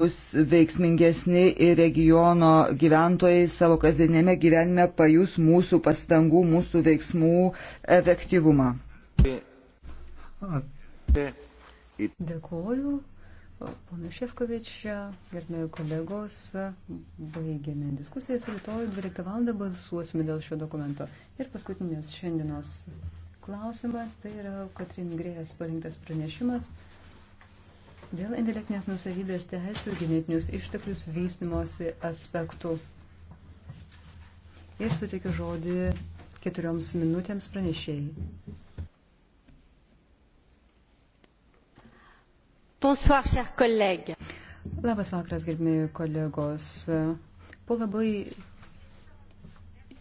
bus veiksmingesni ir regiono gyventojai savo kasdienėme gyvenime pajus mūsų pastangų, mūsų veiksmų efektyvumą. Dėkuoju. Pana Šefkovič, gerbėjai kolegos, baigėme diskusijas. Rytoj 12 val. balsuosime dėl šio dokumento. Ir paskutinis šiandienos klausimas, tai yra Katrin Grėjas parinktas pranešimas dėl intelektinės nusavybės teisų ir genetinius išteklius vystimosi aspektų. Ir suteikiu žodį keturioms minutėms pranešėjai. Bonsoir, chers collègues. Labas vakaras, gerbimi kolegos. Po labai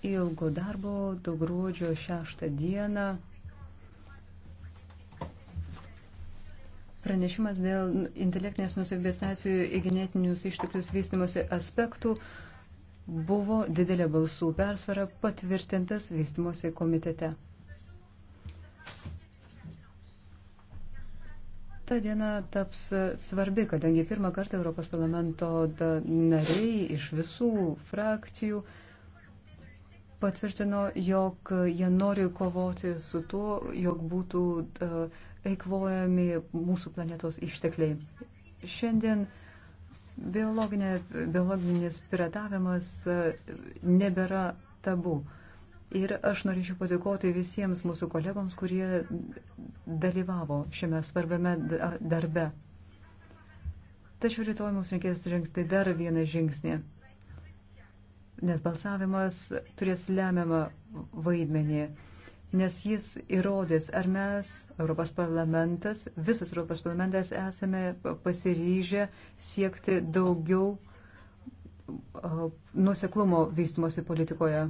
ilgo darbo, daug gruodžio šeštą dieną pranešimas dėl intelektinės nusavybės teisų į genetinius išteklius vystimosi aspektų buvo didelė balsų persvara patvirtintas vystimosi komitete. Ta diena taps svarbi, kadangi pirmą kartą Europos parlamento nariai iš visų frakcijų patvirtino, jog jie nori kovoti su tuo, jog būtų uh, eikvojami mūsų planetos ištekliai. Šiandien biologinė, biologinis piratavimas e, nebėra tabu. Ir aš norėčiau padėkoti visiems mūsų kolegoms, kurie dalyvavo šiame svarbiame darbe. Tačiau rytoj mums reikės žengti dar vieną žingsnį, nes balsavimas turės lemiamą vaidmenį nes jis įrodys, ar mes, Europos parlamentas, visas Europos parlamentas esame pasiryžę siekti daugiau nuseklumo vystimosi politikoje,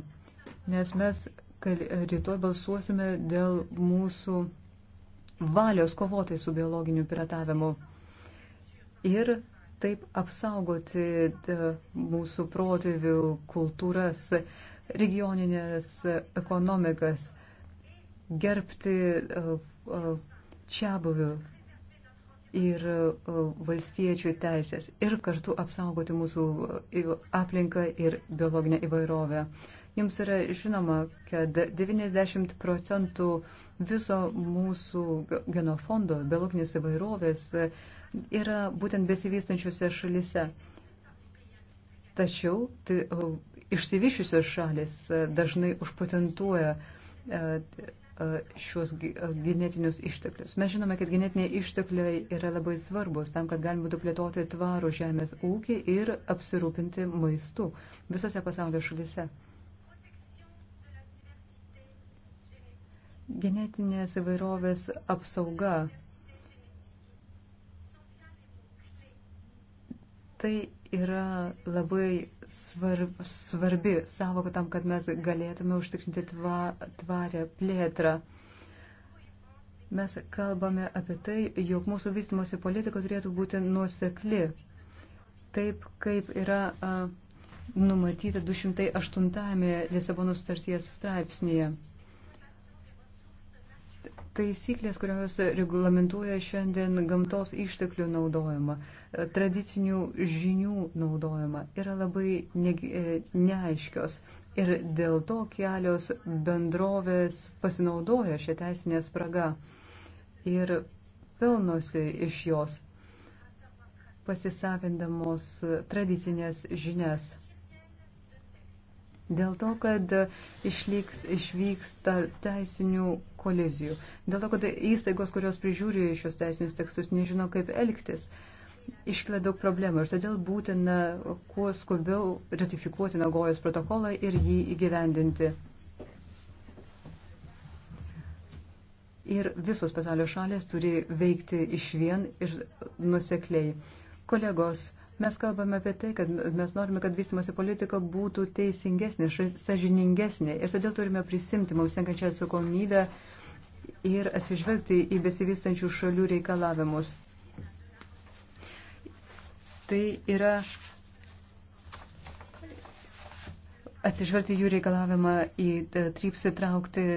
nes mes rytoj balsuosime dėl mūsų valios kovotai su biologiniu piratavimu ir taip apsaugoti mūsų protėvių kultūras, regioninės ekonomikas gerbti e, e, čia buvių ir e, valstiečių teisės ir kartu apsaugoti mūsų aplinką ir biologinę įvairovę. Jums yra žinoma, kad 90 procentų viso mūsų genofondo biologinės įvairovės yra būtent besivystančiose šalise. Tačiau tai, išsivyšiusios šalis dažnai užpatentuoja E, šios e, genetinius išteklius. Mes žinome, kad genetiniai ištekliai yra labai svarbus tam, kad galima būtų plėtoti tvarų žemės ūkį ir apsirūpinti maistu visose pasaulio šalise. Genetinės įvairovės apsauga Tai yra labai svarb, svarbi savoka tam, kad mes galėtume užtikrinti tva, tvarę plėtrą. Mes kalbame apie tai, jog mūsų vystimosi politika turėtų būti nuosekli, taip kaip yra a, numatyta 208 Lisabono starties straipsnėje. Taisyklės, kurios reglamentuoja šiandien gamtos išteklių naudojimą, e, tradicinių žinių naudojimą, yra labai ne, e, neaiškios. Ir dėl to kelios bendrovės pasinaudoja šią teisinę spragą ir pelnosi iš jos pasisavindamos tradicinės žinias. Dėl to, kad išliks, išvyksta teisinių kolizijų. Dėl to, kad įstaigos, kurios prižiūri šios teisinius tekstus, nežino, kaip elgtis. Iškila daug problemų ir todėl būtina kuo skubiau ratifikuoti Nagojos protokolą ir jį įgyvendinti. Ir visos pasaulio šalės turi veikti iš vien ir nusekliai. Kolegos, uh, Mes kalbame apie tai, kad mes norime, kad vystimasi politika būtų teisingesnė, sažiningesnė ir todėl turime prisimti mums tenkančią atsakomybę ir atsižvelgti į besivystančių šalių reikalavimus. Tai yra atsižvelgti jų reikalavimą į trypsitraukti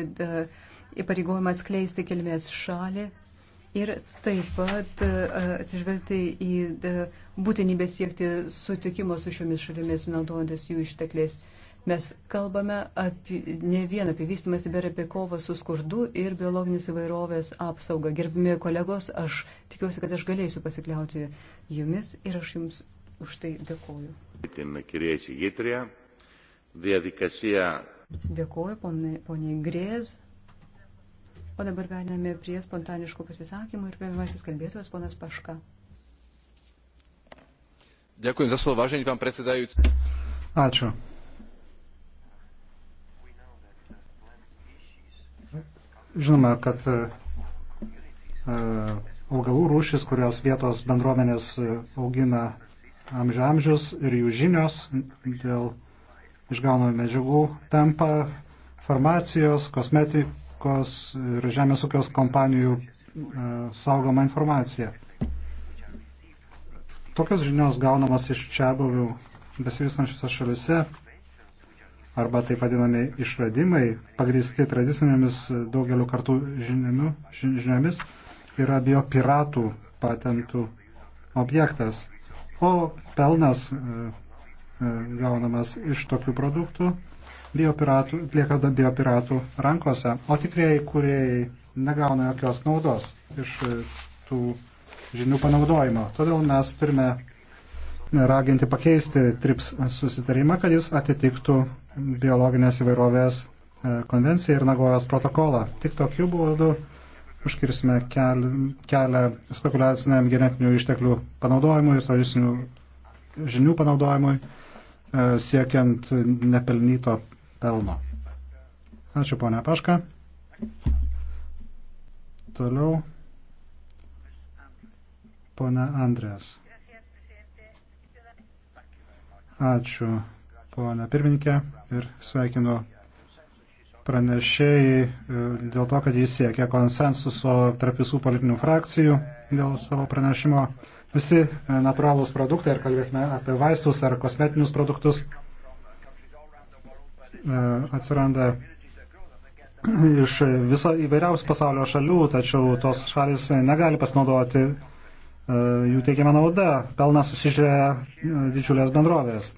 įpareigojimą atskleisti kilmės šalį Ir taip pat e, atsižvelgti į e, būtinybę siekti sutikimo su šiomis šalimis, naudojantis jų ištekliais. Mes kalbame apie, ne vien apie vystimąsi, bet apie kovą su skurdu ir biologinės įvairovės apsaugą. Gerbimi kolegos, aš tikiuosi, kad aš galėsiu pasikliauti jumis ir aš jums už tai dėkoju. Dėkoju, poniai Grės. O dabar vedame prie spontaniškų pasisakymų ir pirmasis kalbėtojas ponas Paška. Ďakujem za slovo, vážený pán predsedajúci. Ačiū. Žinome, kad e, augalų rūšis, kurios vietos bendruomenės augina amžiamžius ir jų žinios dėl išgaunamų medžiagų tampa farmacijos, kosmetikos rinkos ir žemės ūkios kompanijų e, saugoma informacija. Tokios žinios gaunamas iš čia buvių besivystančiose šalise arba taip vadinami išradimai, pagristi tradicinėmis daugeliu kartų žiniomis, žiniomis yra biopiratų patentų objektas. O pelnas e, e, gaunamas iš tokių produktų biopiratų, lieka biopiratų rankose, o tikrieji kuriejai negauna jokios naudos iš e, tų žinių panaudojimo. Todėl mes turime raginti pakeisti TRIPS susitarimą, kad jis atitiktų biologinės įvairovės e, konvenciją ir Nagojos protokolą. Tik tokiu būdu užkirsime kelią spekuliaciniam genetinių išteklių panaudojimui ir tradicinių žinių panaudojimui, e, siekiant nepelnyto pelno. Ačiū, ponia Paška. Toliau. Pone Andrės. Ačiū, ponia pirmininkė, ir sveikinu pranešėjai e, dėl to, kad jis siekia konsensuso tarp visų politinių frakcijų dėl savo pranešimo. Visi e, natūralūs produktai, ar kalbėtume apie vaistus ar kosmetinius produktus, E, atsiranda iš viso įvairiausių pasaulio šalių, tačiau tos šalis negali pasinaudoti e, jų teikiamą naudą, pelną susižiūrėja e, didžiulės bendrovės.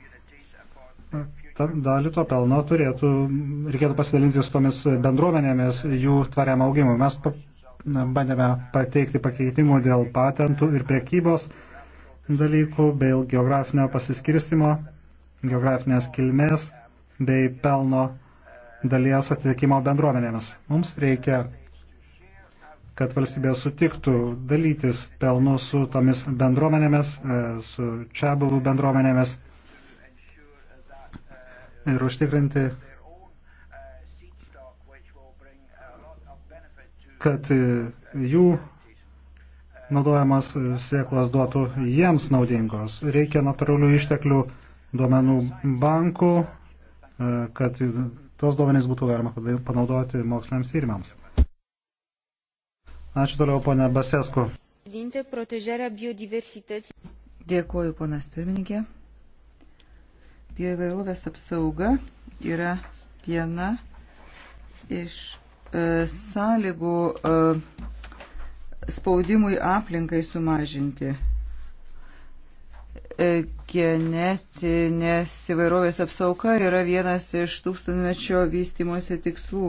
Ta, dalį to pelno turėtų, reikėtų pasidalinti su tomis bendruomenėmis jų tvariam augimui. Mes pa, bandėme pateikti pakeitimų dėl patentų ir priekybos dalykų, bei geografinio pasiskirstimo, geografinės kilmės bei pelno dalies atitikimo bendruomenėmis. Mums reikia, kad valstybė sutiktų dalytis pelnu su tomis bendruomenėmis, e, su čia buvų bendruomenėmis ir užtikrinti, kad e, jų naudojamas sėklas duotų jiems naudingos. Reikia natūralių išteklių duomenų bankų, E, kad tuos duomenys būtų galima panaudoti moksliniams tyrimams. Ačiū toliau, ponė Basesku. Dėkuoju, ponas pirmininkė. Bioįvairovės apsauga yra viena iš e, sąlygų e, spaudimui aplinkai sumažinti genetinės įvairovės apsauga yra vienas iš tūkstantmečio vystimosi tikslų.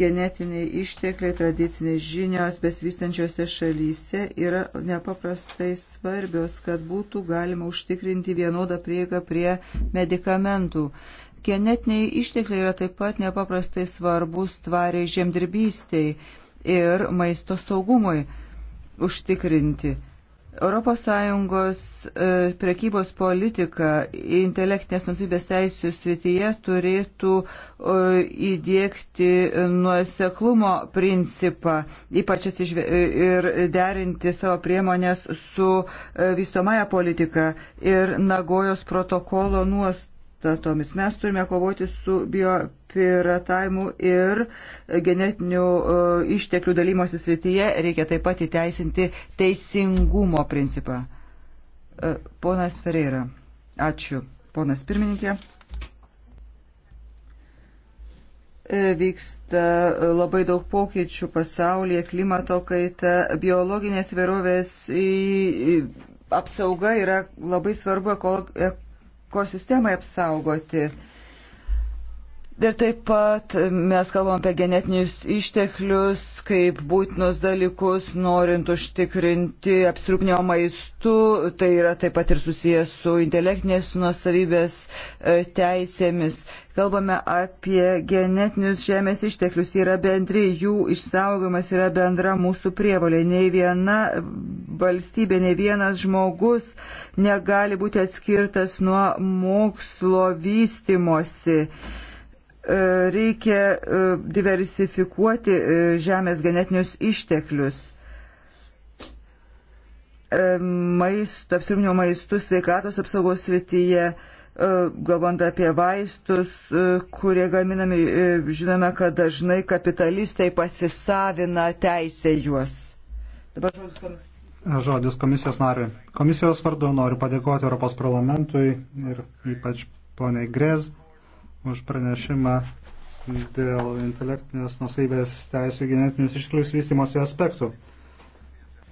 Genetiniai ištekliai, tradicinės žinios besivystančiose šalyse yra nepaprastai svarbios, kad būtų galima užtikrinti vienodą prieigą prie medikamentų. Genetiniai ištekliai yra taip pat nepaprastai svarbus tvariai žemdirbystei ir maisto saugumui užtikrinti. ES e, prekybos politika intelektinės nusibės teisų srityje turėtų e, įdėkti nuoseklumo principą, ypač e, ir derinti savo priemonės su vystomąją politiką ir Nagojos protokolo nuostatomis. Mes turime kovoti su bio piratavimu ir genetinių e, išteklių dalymosi srityje reikia taip pat įteisinti teisingumo principą. E, ponas Ferreira. Ačiū, ponas pirmininkė. E, vyksta labai daug pokyčių pasaulyje, klimato kaita, biologinės vėrovės apsauga yra labai svarbu ekosistemai apsaugoti Ir taip pat mes kalbam apie genetinius išteklius kaip būtinus dalykus, norint užtikrinti apsirūpnio maistu. Tai yra taip pat ir susijęs su intelektinės nuosavybės e, teisėmis. Kalbame apie genetinius žemės išteklius. Yra bendri, jų išsaugojimas yra bendra mūsų prievalė. Nei viena valstybė, nei vienas žmogus negali būti atskirtas nuo mokslo vystimosi. E, reikia e, diversifikuoti e, žemės genetinius išteklius. Maisto, apsirūpinimo maistų sveikatos apsaugos srityje, galvant apie vaistus, kurie gaminami, žinome, kad dažnai kapitalistai pasisavina teisę juos. Dabar žodis komisijos. Žodis komisijos nariui. Komisijos vardu noriu padėkoti Europos parlamentui ir ypač poniai Grez už pranešimą dėl intelektinės nusaibės teisų genetinius išklius vystimosi aspektų.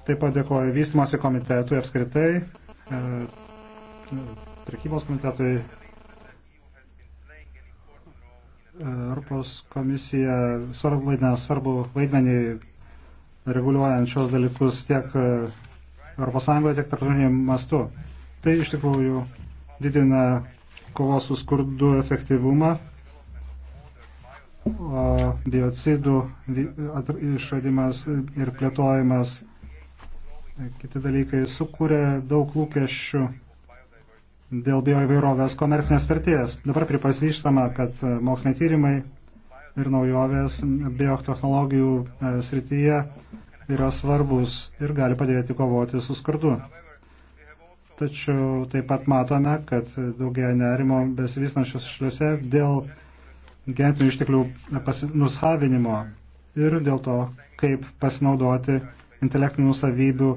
Taip pat dėkoju vystimosi komitetui apskritai, e, prekybos komitetui. E, Europos komisija svarbu vaidmenį, svarbu vaidmenį reguliuojant šios dalykus tiek ES, tiek tarptautiniu mastu. Tai iš tikrųjų didina kovos su skurdu efektyvumą, o biocidų išradimas ir plėtojimas, kiti dalykai sukūrė daug lūkesčių dėl bioįvairovės komercinės vertės. Dabar pripažįstama, kad moksliniai tyrimai ir naujovės biotechnologijų e, srityje yra svarbus ir gali padėti kovoti su skurdu tačiau taip pat matome, kad daugia nerimo besivystančios šaliuose dėl genetinių išteklių nusavinimo ir dėl to, kaip pasinaudoti intelektinių savybių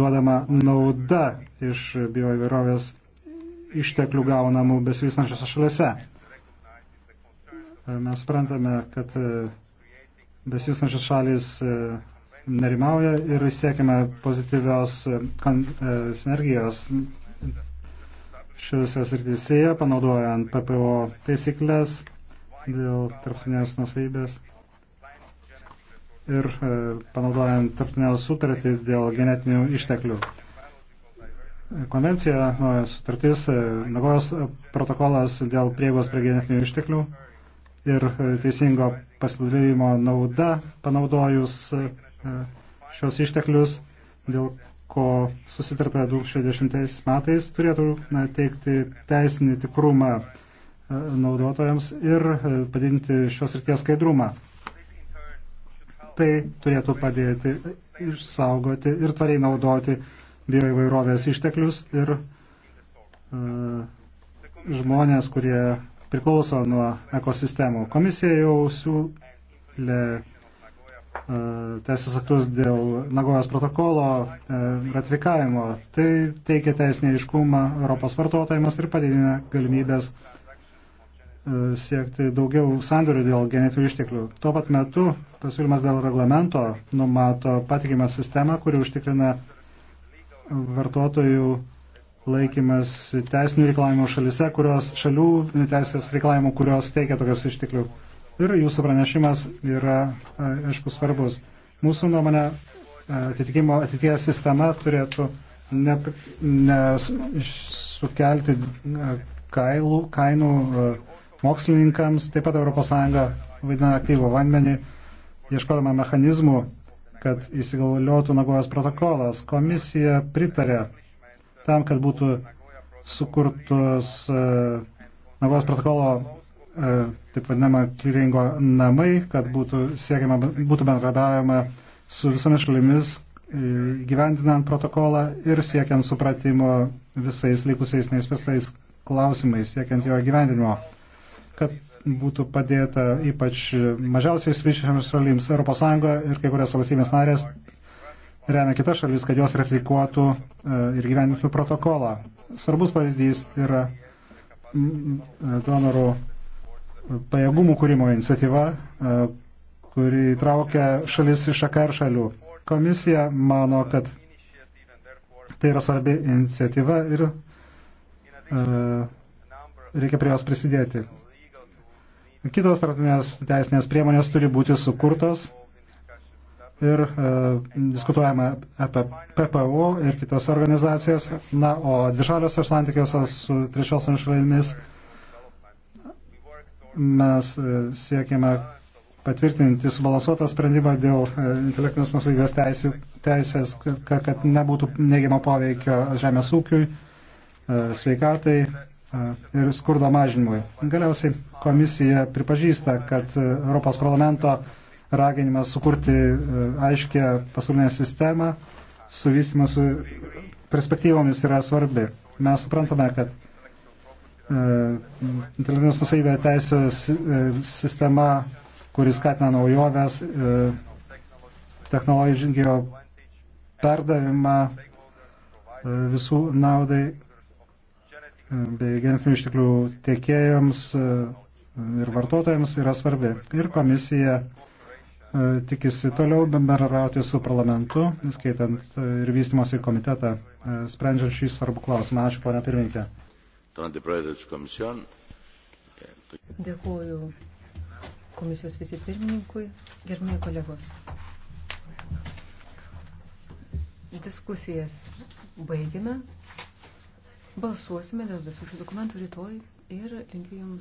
duodama nauda iš bioįvairovės išteklių gaunamų besivystančiose šalise. Mes suprantame, kad besivystančios šalis nerimauja ir siekime pozityvios e, e, sinergijos šiose srityse, panaudojant PPO taisyklės dėl tarptautinės nusaibės ir e, panaudojant tarptautinę sutartį dėl genetinių išteklių. Konvencija, sutartis, Nagojos protokolas dėl prieigos prie genetinių išteklių ir teisingo pasidalymo nauda panaudojus E, šios išteklius, dėl ko susitarta 2010 metais, turėtų teikti teisinį tikrumą e, naudotojams ir e, padidinti šios ryties skaidrumą. Tai turėtų padėti išsaugoti ir tvariai naudoti bioįvairovės išteklius ir uh, žmonės, kurie priklauso nuo ekosistemų. Komisija jau siūlė E, teisės aktus dėl Nagojos protokolo e, ratifikavimo. Tai teikia teisinį iškumą Europos vartotojams ir padidina galimybės e, siekti daugiau sandorių dėl genetinių išteklių. Tuo pat metu pasiūlymas dėl reglamento numato patikimą sistemą, kuri užtikrina vartotojų laikymas teisinių reikalavimų šalise, kurios šalių teisės reikalavimų, kurios teikia tokius išteklių ir jūsų pranešimas yra, aišku, svarbus. Mūsų nuomonė atitikimo ateities sistema turėtų nesukelti ne, ne kailų, kainų mokslininkams, taip pat ES vaidina aktyvų vandenį, ieškodama mechanizmų, kad įsigaliotų Nagojos protokolas. Komisija pritarė tam, kad būtų sukurtus Nagojos protokolo E, taip vadinama kliringo namai, kad būtų, siekiama, būtų bendrabiavama su visomis šalimis, e, gyvendinant protokolą ir siekiant supratimo visais likusiais neišspręstais klausimais, siekiant jo gyvendinimo, kad būtų padėta ypač mažiausiai išsivyščiams šalims ES ir kai kurias valstybės narės remia kitas šalis, kad jos reflikuotų e, ir gyvendintų protokolą. Svarbus pavyzdys yra donorų pajėgumų kūrimo iniciatyva, e, kuri įtraukia šalis iš AKR šalių. Komisija mano, kad tai yra svarbi iniciatyva ir e, reikia prie jos prisidėti. Kitos tarptautinės teisinės priemonės turi būti sukurtos ir e, diskutuojama apie PPO ir kitos organizacijos. Na, o dvišalios santykiuose su trečiosiomis šalimis mes e, siekime patvirtinti subalansuotą sprendimą dėl e, intelektinės nusavybės teisės, kad, kad nebūtų neigiamo poveikio žemės ūkiui, e, sveikatai ir skurdo mažinimui. Galiausiai komisija pripažįsta, kad Europos parlamento raginimas sukurti aiškę pasaulinę sistemą su vystimu su perspektyvomis yra svarbi. Mes suprantame, kad E, intelektinės nusavybė teisės e, sistema, kuris skatina naujoves, e, technologijų perdavimą visų naudai bei genetinių išteklių tiekėjams ir vartotojams yra svarbi. Ir komisija tikisi toliau bendrarauti su parlamentu, skaitant ir vystimosi komitetą, sprendžiant šį svarbų klausimą. Ačiū, ponia pirmininkė τον Αντιπρόεδρο της Κομισιόν. Dėkuoju komisijos vicepirmininkui, gerbėjai kolegos. Diskusijas baigime. Balsuosime dėl visų šių dokumentų rytoj ir linkiu Jums.